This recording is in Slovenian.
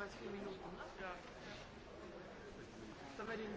25 Minuten. Ne?